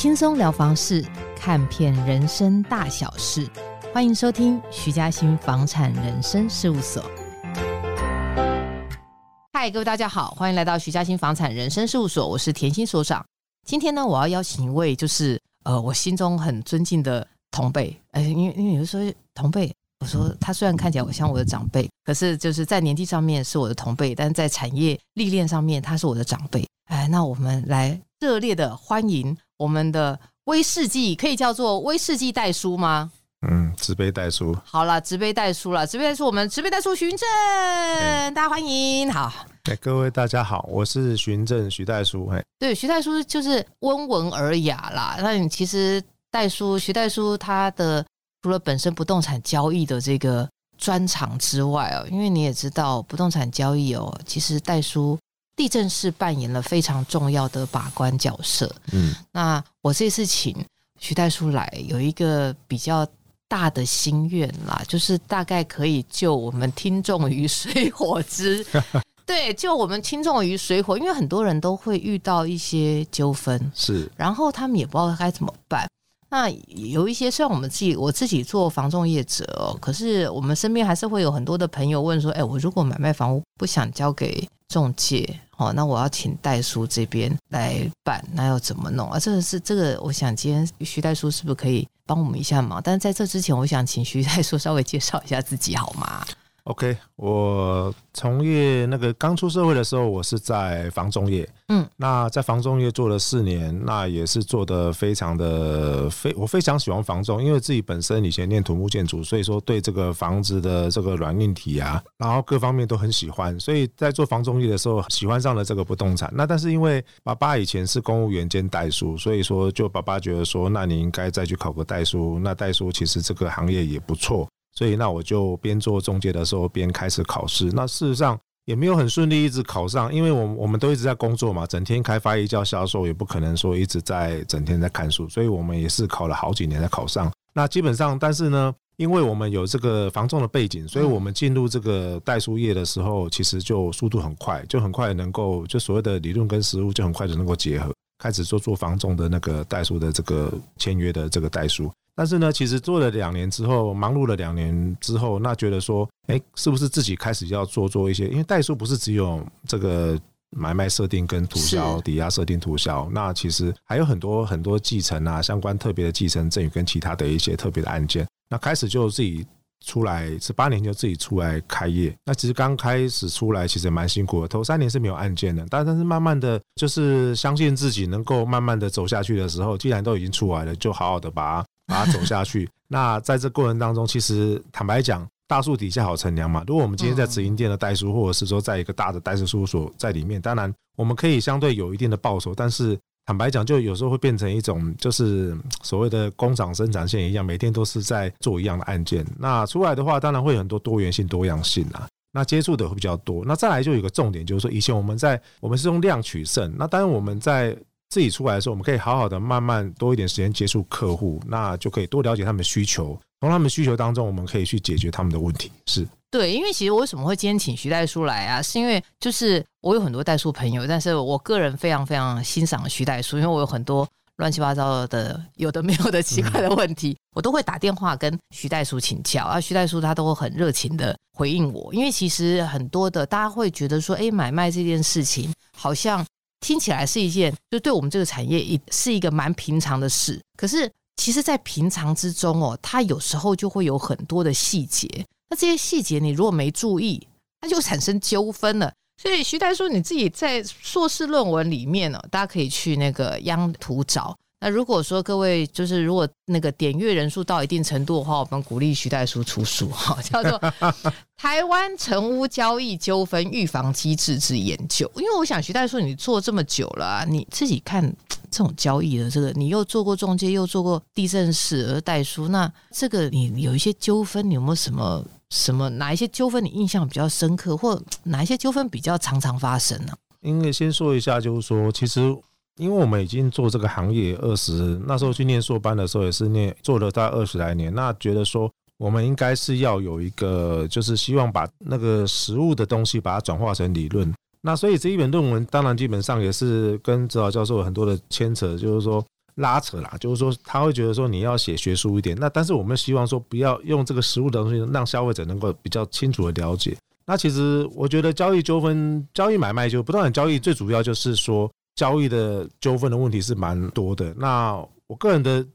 輕鬆聊房事，看遍人生大小事，歡迎收聽徐家欣房產人生事務所。嗨，各位大家好，歡迎來到徐家欣房產人生事務所，我是甜心所長。今天呢，我要邀請一位，就是呃，我心中很尊敬的同輩。哎，因為因為有的時候同輩，我說他雖然看起來我像我的長輩，可是就是在年紀上面是我的同輩，但是在產業歷練上面他是我的長輩。哎，那我們來熱烈的歡迎。我們的威士忌可以叫做威士忌代書嗎？嗯，執杯代書。好了，執杯代書了，執杯代書，我們執杯代書雲振、欸，大家歡迎。好、欸，各位大家好，我是雲振徐代書。哎、欸，對，徐代書就是溫文爾雅啦。那你其實代書徐代書他的除了本身不動產交易的這個專長之外哦、喔，因為你也知道不動產交易哦、喔，其實代書。地政士扮演了非常重要的把關角色。嗯，那我這次請徐代書來，有一個比較大的心願啦，就是大概可以救我們聽眾於水火之。 對，救我們聽眾於水火，因為很多人都會遇到一些糾紛，是，然後他們也不知道該怎麼辦。那有一些，雖然我們自己我自己做房仲業者，可是我們身邊還是會有很多的朋友問說，哎、欸，我如果買賣房屋不想交給中介，哦，那我要請代書這邊來辦，那要怎麼弄？啊，這個是這個，我想今天徐代書是不是可以幫我們一下忙？但是在這之前，我想請徐代書稍微介紹一下自己好嗎？OK，我從業那個剛出社會的時候，我是在房仲業，嗯，那在房仲業做了四年，那也是做的非常的非我非常喜歡房仲，因為自己本身以前念土木建築，所以說對這個房子的這個軟硬體啊，然後各方面都很喜歡，所以在做房仲業的時候，喜歡上了這個不動產。那但是因為爸爸以前是公務員兼代書，所以說就爸爸覺得說，那你應該再去考個代書，那代書其實這個行業也不錯。所以，那我就邊做中介的時候，邊開始考試。那事實上也沒有很順利，一直考上，因為我我們都一直在工作嘛，整天開發、一教銷售，也不可能說一直在整天在看書。所以我們也是考了好幾年才考上。那基本上，但是呢，因為我們有這個房仲的背景，所以我們進入這個代書業的時候，其實就速度很快，就很快能夠就所謂的理論跟實務，就很快就能夠結合，開始做做房仲的那個代書的這個簽約的這個代書。但是呢，其實做了兩年之後，忙碌了兩年之後，那覺得說，哎、欸，是不是自己開始要做做一些？因為代書不是只有這個買賣設定跟塗銷、抵押設定塗銷，那其實還有很多很多繼承啊，相關特別的繼承贈與跟其他的一些特別的案件。那開始就自己出來，十八年就自己出來開業。那其實剛開始出來其實蠻辛苦的，頭三年是沒有案件的，但但是慢慢的就是相信自己能夠慢慢的走下去的時候，既然都已經出來了，就好好的把 把它走下去。那在這過程當中，其實坦白講，大樹底下好乘涼嘛。如果我們今天在直營店的代書，或者是說在一個大的代書書所在裡面，當然我們可以相對有一定的報酬。但是坦白講，就有時候會變成一種就是所謂的工廠生產線一樣，每天都是在做一樣的案件。那出來的話，當然會有很多多元性、多樣性啊。那接觸的會比較多。那再來就有一個重點，就是說以前我們在我們是用量取勝。那當然我們在。自己出來的時候，我們可以好好的慢慢多一點時間接觸客戶，那就可以多了解他們的需求。從他們需求當中，我們可以去解決他們的問題。是對，因為其實我為什麼會今天請徐代書來啊？是因為就是我有很多代書朋友，但是我個人非常非常欣賞徐代書，因為我有很多亂七八糟的有的沒有的奇怪的問題，嗯、我都會打電話跟徐代書請教啊。徐代書他都會很熱情的回應我，因為其實很多的大家會覺得說，哎，買賣這件事情好像。聽起來是一件，就對我們這個產業，是一個蠻平常的事。可是，其實，在平常之中哦，它有時候就會有很多的細節。那這些細節，你如果沒注意，那就產生糾紛了。所以，徐代書，你自己在碩士論文裡面呢、哦，大家可以去那個央圖找。那如果說各位，就是如果那個點閱人數到一定程度的話，我們鼓勵徐代書出書哈、啊，叫做《台灣成屋交易糾紛預防機制之研究》。因為我想徐代書，你做這麼久了、啊，你自己看這種交易的這個，你又做過中介，又做過地政士而代書，那這個你有一些糾紛，你有沒有什麼什麼哪一些糾紛你印象比較深刻，或哪一些糾紛比較常常發生呢、啊？因為先說一下，就是說其實。因為我們已經做這個行業二十，那時候去念碩班的時候也是念做了大概二十來年，那覺得說我們應該是要有一個，就是希望把那個實務的東西把它轉化成理論。那所以這一本論文當然基本上也是跟指導教授有很多的牽扯，就是說拉扯啦，就是說他會覺得說你要寫學術一點。那但是我們希望說不要用這個實務的東西，讓消費者能夠比較清楚的了解。那其實我覺得交易糾紛、交易買賣就不斷交易，最主要就是說。交易的糾紛的問題是蠻多的。那我個人的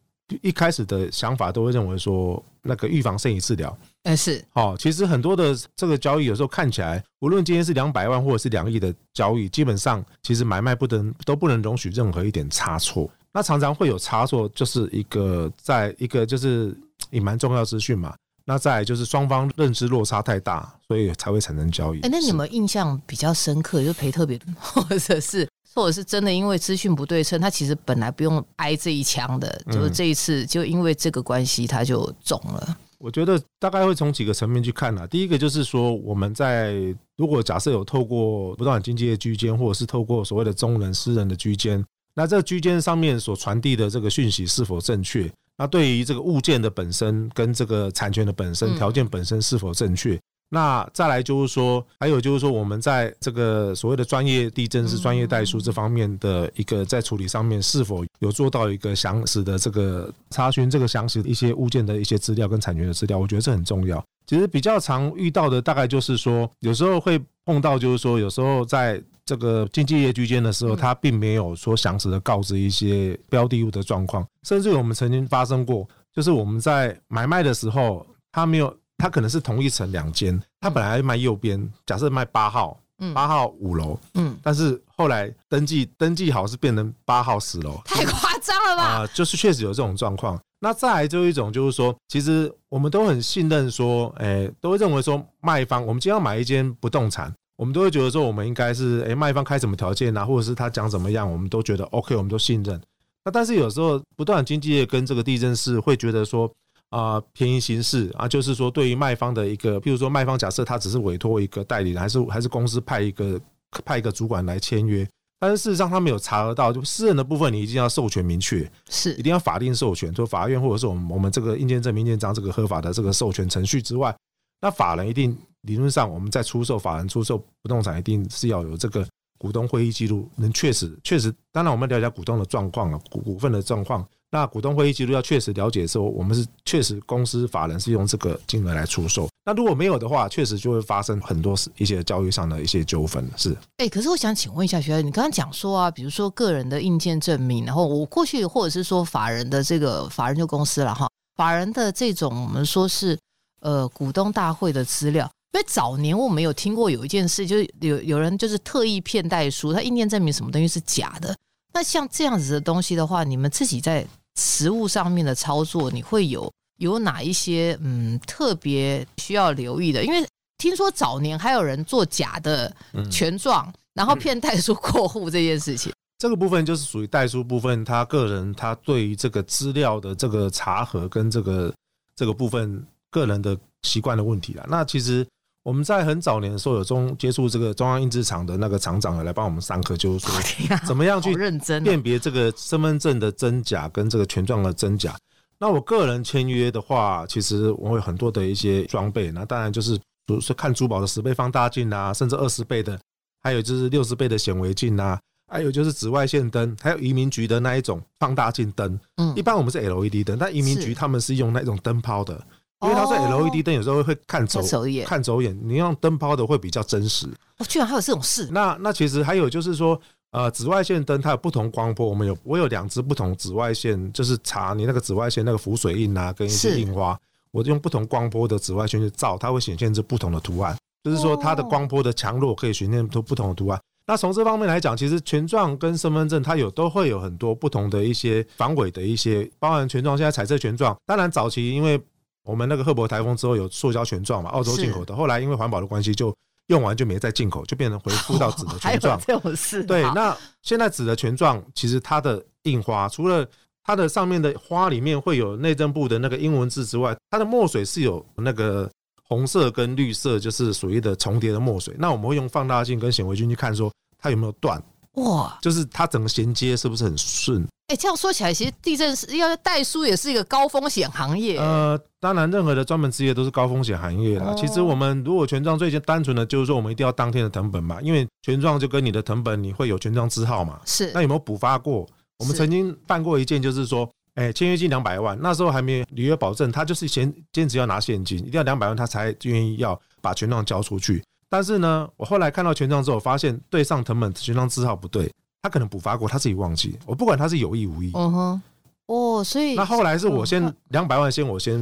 一開始的想法都會認為說，那個預防勝於治療。哎，是、哦。好，其實很多的這個交易有時候看起來，無論今天是兩百萬或者是兩億的交易，基本上其實買賣不能都不能容許任何一點差錯。那常常會有差錯，就是一個在一個就是隱瞞重要的資訊嘛。那在就是雙方認知落差太大，所以才會產生交易。哎、欸，那你有沒有印象比較深刻就賠特別多或者是？或者是真的因為資訊不對稱，他其實本來不用挨這一槍的，就是這一次就因為這個關係他就中了、嗯。我覺得大概會從幾個層面去看啊，第一個就是說我們在如果假設有透過不動產經紀的居間，或者是透過所謂的中人、私人的居間，那這個居間上面所傳遞的這個訊息是否正確？那對於這個物件的本身跟這個產權的本身條件本身是否正確、嗯？嗯那再來就是說，還有就是說，我們在這個所謂的專業地政士是專業代書這方面的一個在處理上面，是否有做到一個詳實的這個查詢，這個詳細的一些物件的一些資料跟產權的資料，我覺得這很重要。其實比較常遇到的大概就是說，有時候會碰到，就是說有時候在這個經紀業居間的時候，他並沒有說詳實的告知一些標的物的狀況，甚至於我們曾經發生過，就是我們在買賣的時候，他沒有。他可能是同一層兩間，他本來賣右邊，假設賣八號，嗯，八號五樓，嗯，但是後來登記登記好是變成八號十樓，太誇張了吧？啊，就是確實有這種狀況。那再來就一種就是說，其實我們都很信任，說，哎，都會認為說賣方，我們今天要買一間不動產，我們都會覺得說，我們應該是，哎，賣方開什麼條件啊，或者是他講怎麼樣，我們都覺得 OK，我們都信任。那但是有時候不動產經紀業跟這個地政士會覺得說。啊，便宜形式啊，就是說，對於賣方的一個，譬如說，賣方假設他只是委託一個代理人，還是還是公司派一個派一個主管來簽約，但是事實上，他沒有查得到，就私人的部分，你一定要授權明確，是一定要法定授權，就法院或者是我們我們這個印鑑證明印鑑章這個合法的這個授權程序之外，那法人一定理論上我們在出售法人出售不動產，一定是要有這個股東會議記錄，能確實確實，當然我們了解股東的狀況了、啊，股股份的狀況。那股東會議記錄要確實了解的時候，我們是確實公司法人是用這個金額來出售。那如果沒有的話，確實就會發生很多一些交易上的一些糾紛。是、欸，哎，可是我想請問一下徐老師，你剛剛講說啊，比如說個人的印鑑證明，然後我過去或者是說法人的這個法人就公司了哈，法人的這種我們說是呃股東大會的資料，因為早年我們有聽過有一件事，就有有人就是特意騙代書，他印鑑證明什麼東西是假的。那像這樣子的東西的話，你們自己在。實務上面的操作，你會有有哪一些嗯特別需要留意的？因為聽說早年還有人做假的權狀，嗯、然後騙代書過戶這件事情、嗯。這個部分就是屬於代書部分，他個人他對於這個資料的這個查核跟這個這個部分個人的習慣的問題啦。那其實。我們在很早年的時候有中接觸這個中央印制廠的那個廠長來幫我們上課，就是說怎麼樣去辨別這個身份證的真假跟這個權狀的真假。那我個人簽約的話，其實我有很多的一些裝備。那當然就是，比如看珠寶的十倍放大鏡啊，甚至二十倍的，還有就是六十倍的顯微鏡啊，還有就是紫外線燈，還有移民局的那一種放大鏡燈。一般我們是 LED 燈，但移民局他們是用那種燈泡的。因為它是 LED 燈，有時候會看走眼，看走眼。你用燈泡的會比較真實。我、哦、居然還有這種事！那那其實還有就是說，呃，紫外線燈它有不同光波。我們有我有兩支不同紫外線，就是查你那個紫外線那個浮水印啊，跟一些印花。我用不同光波的紫外線去照，它會顯現出不同的圖案。就是說，它的光波的強弱可以顯現出不同的圖案。哦、那從這方面來講，其實權狀跟身份證它有都會有很多不同的一些防偽的一些，包含權狀現在彩色權狀。當然早期因為我們那個賀伯颱風之後有塑膠權狀嘛，澳洲進口的。後來因為環保的關係，就用完就沒再進口，就變成恢復到紙的權狀。還有這種事？對，那現在紙的權狀其實它的印花，除了它的上面的花裡面會有內政部的那個英文字之外，它的墨水是有那個紅色跟綠色，就是屬於的重疊的墨水。那我們會用放大鏡跟顯微鏡去看，說它有沒有斷。哇，就是它整個銜接是不是很順？哎、欸，這樣說起來，其實地震要代書也是一個高風險行業、欸。呃，當然，任何的專門職業都是高風險行業啦、哦。其實我們如果權狀最先單純的，就是說我們一定要當天的謄本嘛，因為權狀就跟你的謄本你會有權狀字號嘛。是。那有沒有補發過？我們曾經辦過一件，就是說，哎，簽、欸、約金兩百萬，那時候還沒履約保證，他就是先堅持要拿現金，一定要兩百萬他才願意要把權狀交出去。但是呢，我後來看到權狀之後，我發現對上謄本權狀字號不對，他可能補發過，他自己忘記。我不管他是有意無意。嗯哼，哦，所以那後來是我先兩百、哦、萬先我先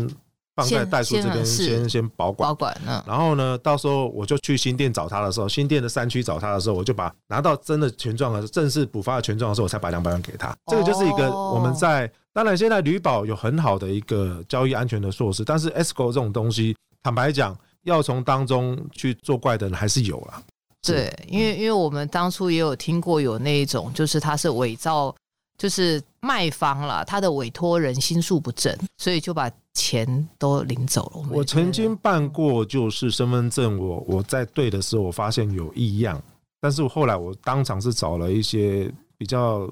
放在代書這邊先先,先,先保管，保管、啊。然後呢，到時候我就去新店找他的時候，新店的山區找他的時候，我就把拿到真的權狀的正式補發的權狀的時候，我才把兩百萬給他。這個就是一個我們在、oh. 當然現在履保有很好的一個交易安全的措施，但是 escrow 這種東西，坦白講。要從當中去作怪的人還是有啦，對，因為因為我們當初也有聽過有那一種，就是他是偽造，就是賣方了，他的委托人心術不正，所以就把錢都領走了。我我曾經辦過，就是身份證，我我在對的時候，我發現有異樣，但是我後來我當場是找了一些比較。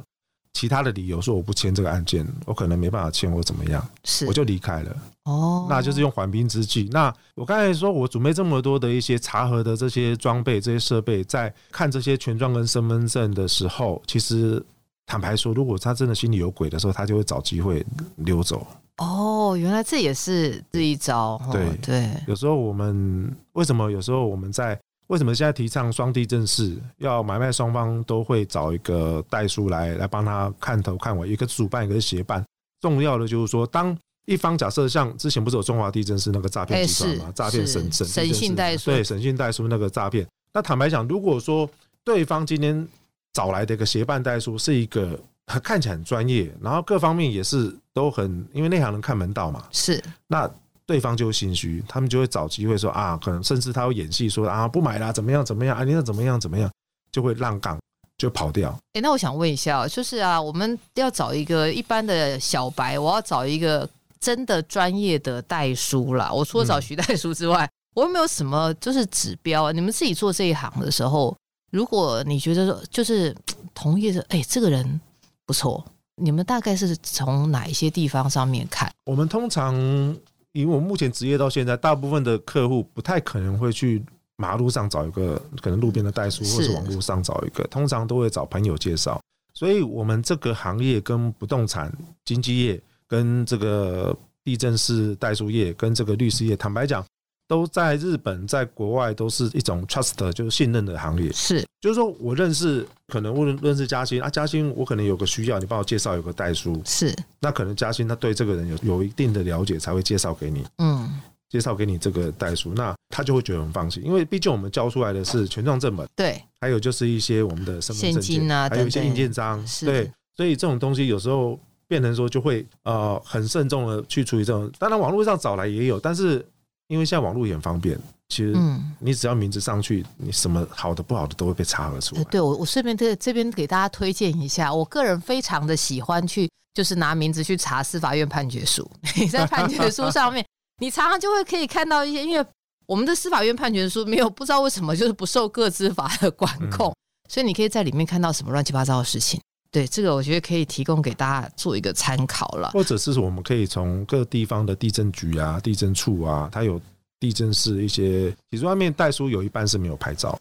其他的理由說我不簽這個案件，我可能沒辦法簽，我怎麼樣，是我就離開了。哦，那就是用緩兵之計。那我剛才說，我準備這麼多的一些查核的這些裝備、這些設備，在看這些權狀跟身份證的時候，其實坦白說，如果他真的心裡有鬼的時候，他就會找機會溜走。哦，原來這也是這一招、哦。對對，有時候我們為什麼有時候我們在。為什麼現在提倡雙地政士？要買賣雙方都會找一個代書來來幫他看頭看尾，一個是主辦，一個是協辦。重要的就是說，當一方假設像之前不是有中華地政士那個詐騙集團嘛，詐騙神、欸、神神信代書，對神信代書那個詐騙。那坦白講，如果說對方今天找來的一個協辦代書是一個看起來很專業，然後各方面也是都很，因為內行能看門道嘛，是那。對方就會心虛，他們就會找機會說啊，可能甚至他會演戲說啊，不買啦，怎麼樣怎麼樣啊，你要怎麼樣怎麼樣，就會浪槓就跑掉。哎、欸，那我想問一下，就是啊，我們要找一個一般的小白，我要找一個真的專業的代書啦。我除了找徐代書之外，嗯、我有沒有什麼就是指標啊？你們自己做這一行的時候，如果你覺得說就是同業者，哎、欸，這個人不錯，你們大概是從哪一些地方上面看？我們通常。因為我目前職業到現在，大部分的客戶不太可能會去馬路上找一個，可能路邊的代書，或者是網絡上找一個，通常都會找朋友介紹。所以，我們這個行業跟不動產經紀業，跟這個地政士代書業，跟這個律師業，坦白講。都在日本，在國外都是一種 trust，就是信任的行業。是，就是說我認識，可能我認識嘉興啊，嘉興我可能有個需要，你幫我介紹有個代書。是，那可能嘉興他對這個人有有一定的了解，才會介紹給你。嗯，介紹給你這個代書，那他就會覺得很放心，因為畢竟我們交出來的是權狀正本。對，還有就是一些我們的身份證件啊，還有一些印鑑章。對，所以這種東西有時候變成說就會呃很慎重的去處理這種。當然網絡上找來也有，但是。因為現在網路也很方便，其實你只要名字上去，嗯、你什麼好的不好的都會被查得出，呃。對，我我順便在這邊給大家推薦一下，我個人非常的喜歡去，就是拿名字去查司法院判決書。 你在判決書上面， 你常常就會可以看到一些，因為我們的司法院判決書沒有不知道為什麼就是不受個資法的管控，嗯、所以你可以在裡面看到什麼亂七八糟的事情。對，這個我覺得可以提供給大家做一個參考了。或者是我們可以從各地方的地政局啊、地政處啊，它有地政室一些。其實外面代書有一半是沒有牌照。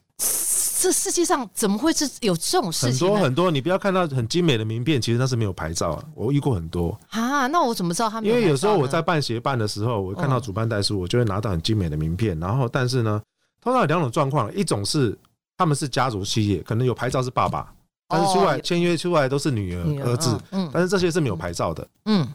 這世界上怎麼會是有這種事情？很多很多，你不要看到很精美的名片，其實它是沒有牌照啊。我遇過很多啊，那我怎麼知道他沒有牌照？因為有時候我在辦協辦的時候，我看到主辦代書，我就會拿到很精美的名片。嗯、然後，但是呢，通常有兩種狀況：一種是他們是家族企業，可能有牌照是爸爸。但是出來簽約出來都是女兒、女兒、啊、兒子、嗯，但是這些是沒有牌照的。嗯，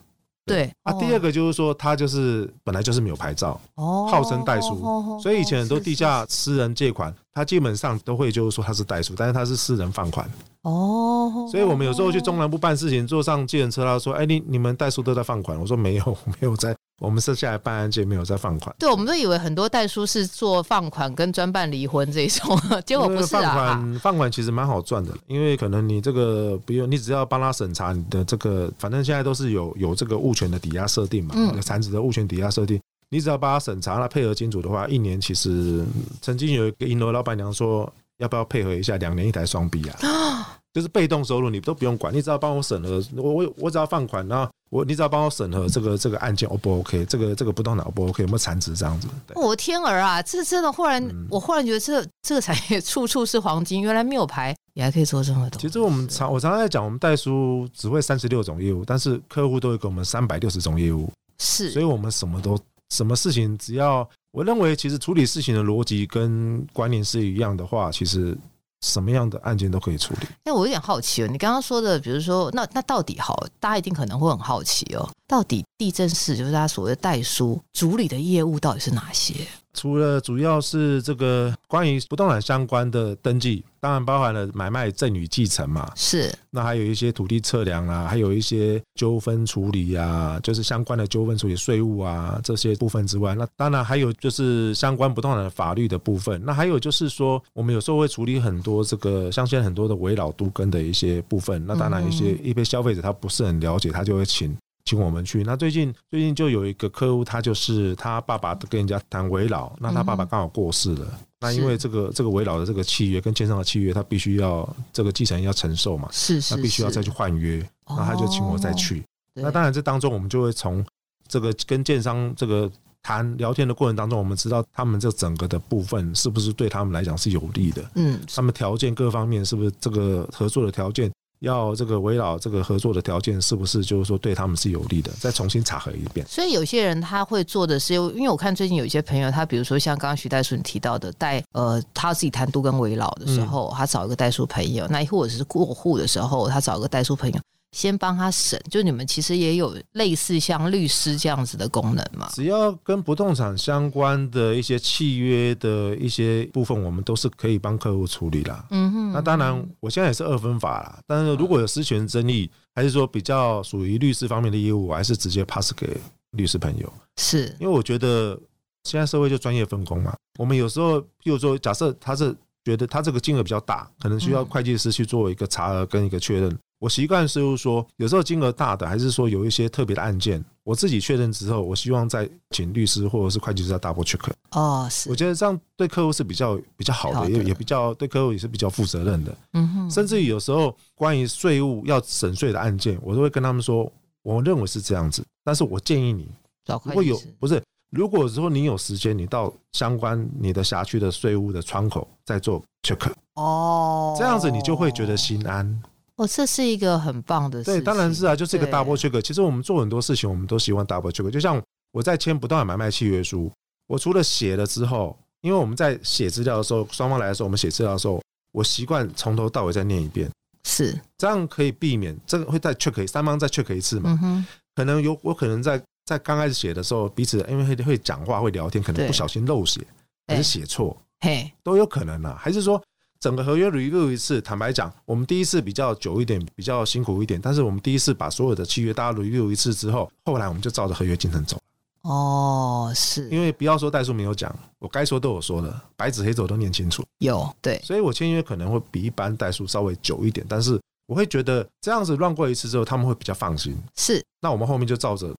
對，對啊。第二個就是說，他就是本來就是沒有牌照，嗯、號稱代書、哦、所以以前很多地下私人借款是是是，他基本上都會就是說他是代書，但是他是私人放款。哦，所以我們有時候去中南部辦事情，嗯、坐上計程車他說哎，你你們代書都在放款？我說沒有，沒有在。我們設下來辦案件沒有在放款，對，我們都以為很多代書是做放款跟專辦離婚這一種，結果不是啊。那個、放款、啊、放款其實蠻好賺的，因為可能你這個不用，比如你只要幫他審查你的這個，反正現在都是有有這個物權的抵押設定嘛，有、嗯、產子的物權抵押設定，你只要幫他審查，他配合金主的話，一年其實曾經有一個銀樓老闆娘說，要不要配合一下，兩年一台雙 B 啊。就是被動收入你都不用管，你只要幫我審核，我我我只要放款，啊，然後我你只要幫我審核這個這個案件，O、哦、不 O、OK, K，這個這個不動產 O、哦、不 O、OK, K，有沒有殘值這樣子？對，我的天兒啊，這真的，忽然、嗯、我忽然覺得這這個產業處處是黃金，原來沒有牌也還可以做任何東西。其實我們常我常常在講，我們代書只會三十六種業務，但是客戶都會給我們三百六十種業務，是，所以我們什麼都什麼事情，只要我認為，其實處理事情的邏輯跟觀念是一樣的話，其實。什麼樣的案件都可以處理。欸，那我有點好奇哦，你剛剛說的，比如說，那那到底好？大家一定可能會很好奇哦。到底地政士就是他所謂的代書處理的業務到底是哪些？除了主要是這個關於不動產相關的登記，當然包含了買賣、贈與、繼承嘛。是。那還有一些土地測量啊，還有一些糾紛處理啊，就是相關的糾紛處理、稅務啊這些部分之外，那當然還有就是相關不動產的法律的部分。那還有就是說，我們有時候會處理很多這個，像現在很多的危老都更的一些部分。那當然一些一些消費者他不是很了解，他就會請、嗯。請我們去。那最近最近就有一個客戶，他就是他爸爸跟人家談危老、嗯，那他爸爸剛好過世了。那因為這個這個危老的這個契約跟建商的契約，他必須要這個繼承人，要承受嘛。是是是，他必須要再去換約。是是是。那他就請我再去、哦。那當然這當中我們就會從這個跟建商這個談聊天的過程當中，我們知道他們這整個的部分是不是對他們來講是有利的？嗯，他們條件各方面是不是這個合作的條件？要這個圍繞這個合作的條件是不是就是說對他們是有利的，再重新查核一遍。所以有些人他會做的是，因為我看最近有一些朋友，他比如說像剛剛徐代書你提到的代，呃，他自己談都跟圍繞的時候，他找一個代書朋友；那或者是過戶的時候，他找一個代書朋友。先幫他審，就你們其實也有類似像律師這樣子的功能嘛？只要跟不動產相關的一些契約的一些部分，我們都是可以幫客戶處理的。嗯哼。那當然，我現在也是二分法啦。但是如果有私權爭議，嗯、還是說比較屬於律師方面的業務，我還是直接 pass 給律師朋友。是因為我覺得現在社會就專業分工嘛。我們有時候，比如說，假設他是覺得他這個金額比較大，可能需要會計師去做一個查核跟一個確認。嗯我習慣是說，有時候金額大的，還是說有一些特別的案件，我自己確認之後，我希望再請律師或者是會計師再 double check。哦，是。我覺得這樣對客戶是比較比較好的，也也比較對客戶也是比較負責任的。嗯哼。甚至於有時候關於稅務要審稅的案件，我都會跟他們說，我認為是這樣子，但是我建議你，找如果有不是，如果說你有時間，你到相關你的轄區的稅務的窗口再做 check。哦。這樣子你就會覺得心安。哦，這是一個很棒的事情。對，當然是啊，就是一個 double check。其實我們做很多事情，我們都喜歡 double check。就像我在簽不動產買賣契約書，我除了寫了之後，因為我們在寫資料的時候，雙方來的時候，我們寫資料的時候，我習慣從頭到尾再念一遍，是這樣可以避免這個會再 check，三方再 check 一次嘛？嗯，可能有我可能在在剛開始寫的時候，彼此因為會會講話會聊天，可能不小心漏寫還是寫錯，嘿，都有可能啊。還是說？整個合約 review 一次，坦白講，我們第一次比較久一點，比較辛苦一點。但是我們第一次把所有的契約大家 review 一次之後，後來我們就照着合約進程走。哦，是。因為不要說代書沒有講，我該說都有說的，白紙黑字我都念清楚。有對，所以我簽約可能會比一般代書稍微久一點，但是我會覺得這樣子 run 過一次之後，他們會比較放心。是。那我們後面就照着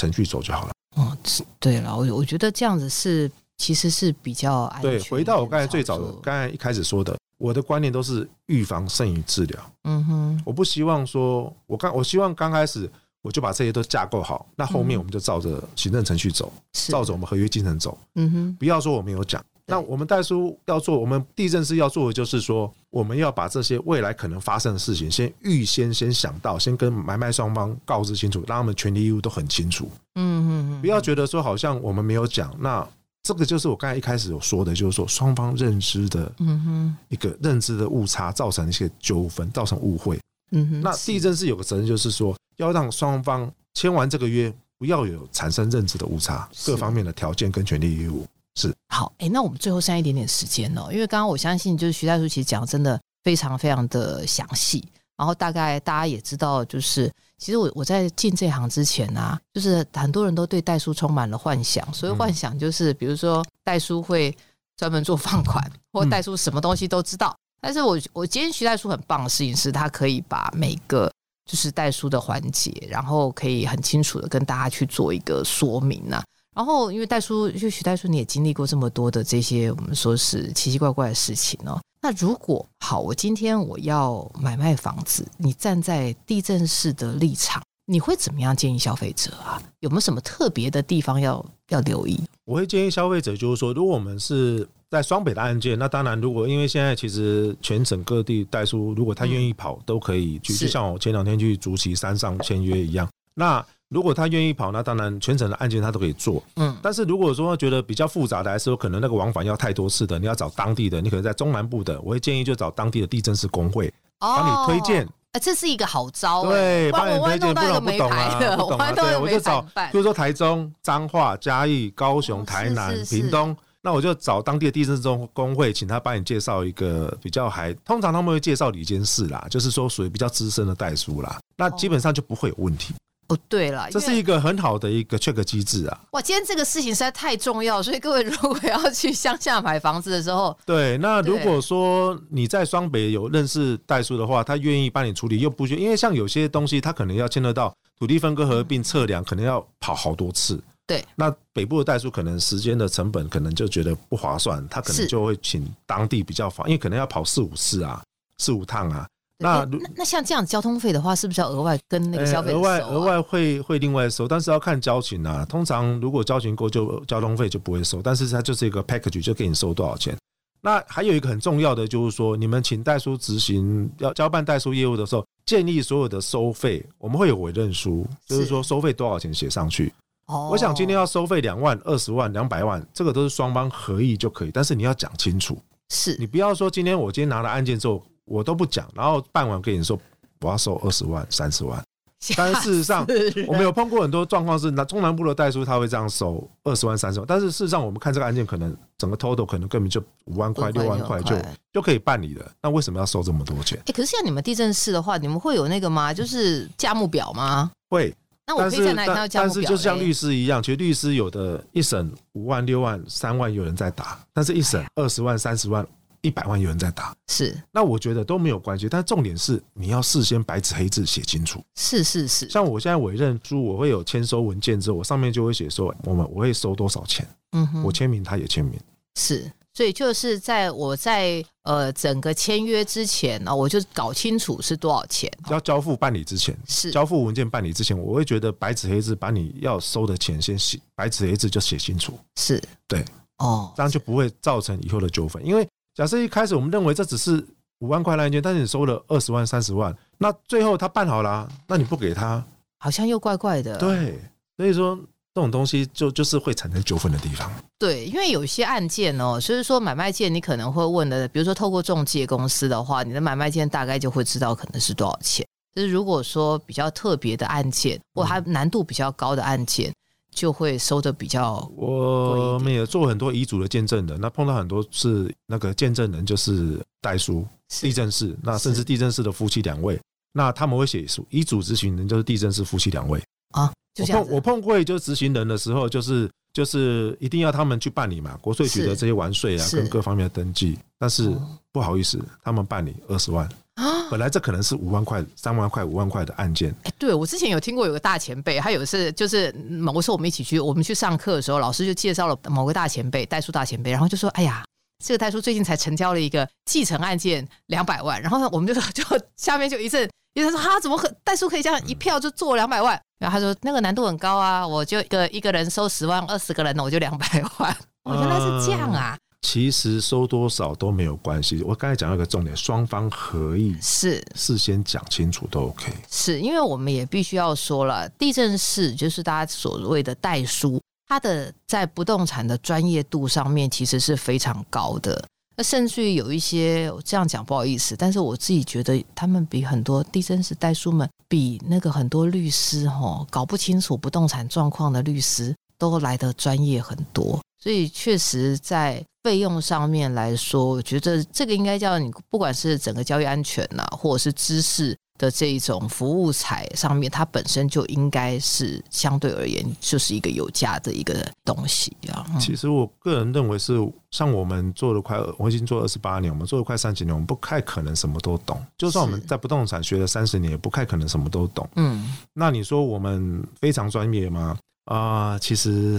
程序走就好了。哦，對了，我我覺得這樣子是。其實是比較安全。對，回到我剛才最早的，剛才一開始說的，我的觀念都是預防勝於治療。嗯哼，我不希望說，我剛我希望剛開始我就把這些都架構好，那後面我們就照着行政程序走，照着我們合約精神走。嗯哼，不要說我沒有講，那我們代書要做，我們地政士要做的就是說，我們要把這些未來可能發生的事情先預先先想到，先跟買賣雙方告知清楚，讓他們權利義務都很清楚。嗯哼，不要覺得說好像我們沒有講，那。這個就是我剛才一開始有說的，就是說雙方認知的，嗯哼，一個認知的誤差造成一些糾紛，造成誤會。嗯哼，那地政士有個責任，就是說要讓雙方簽完這個約，不要有產生認知的誤差，各方面的條件跟權利義務是。好，哎、欸，那我們最後剩一點點時間了，因為剛剛我相信就是徐代書其實講的真的非常非常的詳細，然後大概大家也知道就是。其實我我在進這行之前啊，就是很多人都對代書充滿了幻想。所以幻想就是比如說代書會專門做放款，或代書什麼東西都知道。但是我我今天徐代書很棒的事情是，他可以把每個就是代書的環節，然後可以很清楚的跟大家去做一個說明啊。然後因為代書就徐代書，你也經歷過這麼多的這些我們說是奇奇怪怪的事情哦。那如果好，我今天我要買賣房子，你站在地政士的立場，你會怎麼樣建議消費者啊？有沒有什麼特別的地方要要留意？我會建議消費者就是說，如果我們是在雙北的案件，那當然如果因為現在其實全省各地代書，如果他願意跑，嗯、都可以去，就像我前兩天去竹崎山上簽約一樣，那。如果他願意跑，那當然全程的案件他都可以做。嗯，但是如果說覺得比較複雜的，還是有可能那個往返要太多次的，你要找當地的，你可能在中南部的，我會建議就找當地的地政士公會幫、哦、你推薦。啊，這是一個好招，對，幫你推薦，不然我不懂啊，不懂啊，我當然我就找，比如說台中、彰化、嘉義、高雄、台南、哦、是是是屏東，那我就找當地的地政士公會，請他幫你介紹一個比較還，通常他們會介紹一件事啦，就是說屬於比較資深的代書啦，那基本上就不會有問題。哦哦、oh，對了，這是一個很好的一個 check 機制啊！哇，今天這個事情實在太重要，所以各位如果要去鄉下買房子的時候，對，那如果說你在雙北有認識代書的話，他願意幫你處理，又不需因為像有些東西，他可能要牽涉到土地分割合併測量，可能要跑好多次。對，那北部的代書可能時間的成本可能就覺得不划算，他可能就會請當地比較方，因為可能要跑四五次啊，四五趟啊。那那、欸、那像這樣交通費的話，是不是要額外跟那個消費額外，啊、欸、額外會會另外收？但是要看交情啊。通常如果交情夠，就交通費就不會收。但是它就是一個 package，就給你收多少錢。那還有一個很重要的就是說，你們請代書執行要交辦代書業務的時候，建議所有的收費，我們會有委任書，是，就是說收費多少錢寫上去。哦，我想今天要收費兩萬、二十萬、兩百萬，這個都是雙方合意就可以，但是你要講清楚。是，你不要說今天我今天拿了案件之後。我都不講，然後辦完跟你說，我要收二十萬、三十萬。但是事實上，我們有碰過很多狀況，是中南部的代書他會這樣收二十萬、三十萬。但是事實上，我們看這個案件，可能整個 total 可能根本就五萬塊、六萬塊就塊就，就可以辦理了。那為什麼要收這麼多錢？哎，可是像你們地政士的話，你們會有那個嗎？就是價目表嗎？會。那我可以再拿一張價目表。但是就像律師一樣，其實律師有的一審五萬、六萬、三萬有人在打，但是一審二十萬、三十萬。一百萬有人在打，是。那我覺得都沒有關係，但重點是你要事先白紙黑字寫清楚。是是是，像我現在委任書，我會有簽收文件之後，我上面就會寫說我們我會收多少錢。嗯哼，我簽名，他也簽名。是，所以就是在我在呃整個簽約之前呢，我就搞清楚是多少錢，要交付辦理之前是、哦、交付文件辦理之前，我會覺得白紙黑字把你要收的錢先寫白紙黑字就寫清楚。是，對，哦，這樣就不會造成以後的糾紛，因為。假設一開始我們認為這只是五萬塊的案件，但是你收了二十萬、三十萬，那最後他辦好了、啊，那你不給他，好像又怪怪的。對，所以說這種東西就就是會產生糾紛的地方。對，因為有些案件哦，所以說買賣件，你可能會問的，比如說透過仲介公司的話，你的買賣件大概就會知道可能是多少錢。就是如果說比較特別的案件，或它難度比較高的案件。嗯就會收的比較。我們也做很多遺囑的見證的，那碰到很多是那個見證人就是代書、地政士，那甚至地政士的夫妻兩位，那他們會寫遺囑。遺囑執行人就是地政士夫妻兩位啊，就這樣。我碰過就執行人的時候，就是就是一定要他們去辦理嘛，國稅局的這些完稅啊，跟各方面的登記，但是不好意思，他們辦理二十萬。啊，本來這可能是五萬塊、三萬塊、五萬塊的案件。欸、對我之前有聽過有個大前輩，他有一次就是某個時候我們一起去，我們去上課的時候，老師就介紹了某個大前輩，代書大前輩，然後就說：“哎呀，這個代書最近才成交了一個繼承案件兩百萬。”然後我們就就下面就一陣一陣說：“哈，怎麼代書可以這樣一票就做兩百萬？”然後他說：“那個難度很高啊，我就一個一個人收十萬，二十個人我就兩百萬。嗯”哦，原來是這樣啊。其實收多少都沒有關係。我剛才講到一個重點，雙方合意，是事先講清楚都 OK。是，是因為我們也必須要說了，地政士就是大家所謂的代書，它的在不動產的專業度上面其實是非常高的。那甚至於有一些，我這樣講不好意思，但是我自己覺得他們比很多地政士代書們，比那個很多律師哈、哦，搞不清楚不動產狀況的律師都來得專業很多。所以，確實在費用上面來說，我覺得這個應該叫你，不管是整個交易安全吶、啊，或者是知識的這一種服務材上面，它本身就應該是相對而言就是一個有價的一個東西啊、嗯。其實我個人認為是，像我們做了快，我已經做二十八年，我們做了快三十年，我們不太可能什麼都懂。就算我們在不動產學了三十年，也不太可能什麼都懂。嗯，那你說我們非常專業嗎？啊、呃，其實，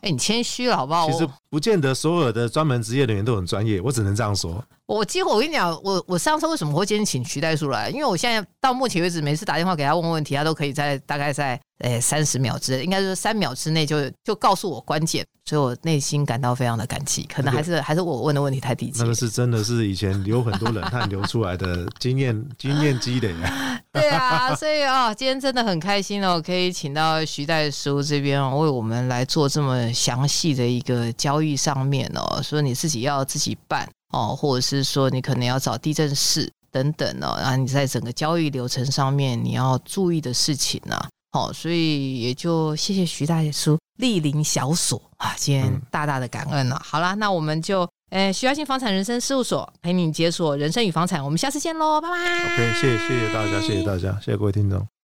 哎、欸，你謙虛了好不好？其實不見得所有的專門職業人員都很專業，我只能這樣說。我結果我跟你講，我我上次為什麼會今天請徐代書來？因為我現在到目前為止，每次打電話給他問問，問題，他都可以在大概在呃三十秒之，應該是三秒之內就就告訴我關鍵，所以我內心感到非常的感激。可能還是還是我問的問題太低級，那個是真的是以前有很多冷汗 流出來的經驗經驗積累、啊。 對啊，所以啊、哦，今天真的很開心哦，可以請到徐代書這邊、哦、為我們來做這麼詳細的一個交易上面哦，說你自己要自己辦。哦，或者是說你可能要找地政士等等哦、啊，然、啊、後你在整個交易流程上面你要注意的事情呢、啊，好、啊，所以也就謝謝徐大代書蒞臨小所啊，今天大大的感恩了、啊嗯。好啦，那我們就呃徐家新房產人生事務所陪你解鎖人生與房產，我們下次見嘍，拜拜。OK，謝謝謝謝大家，謝謝大家，謝謝各位聽眾。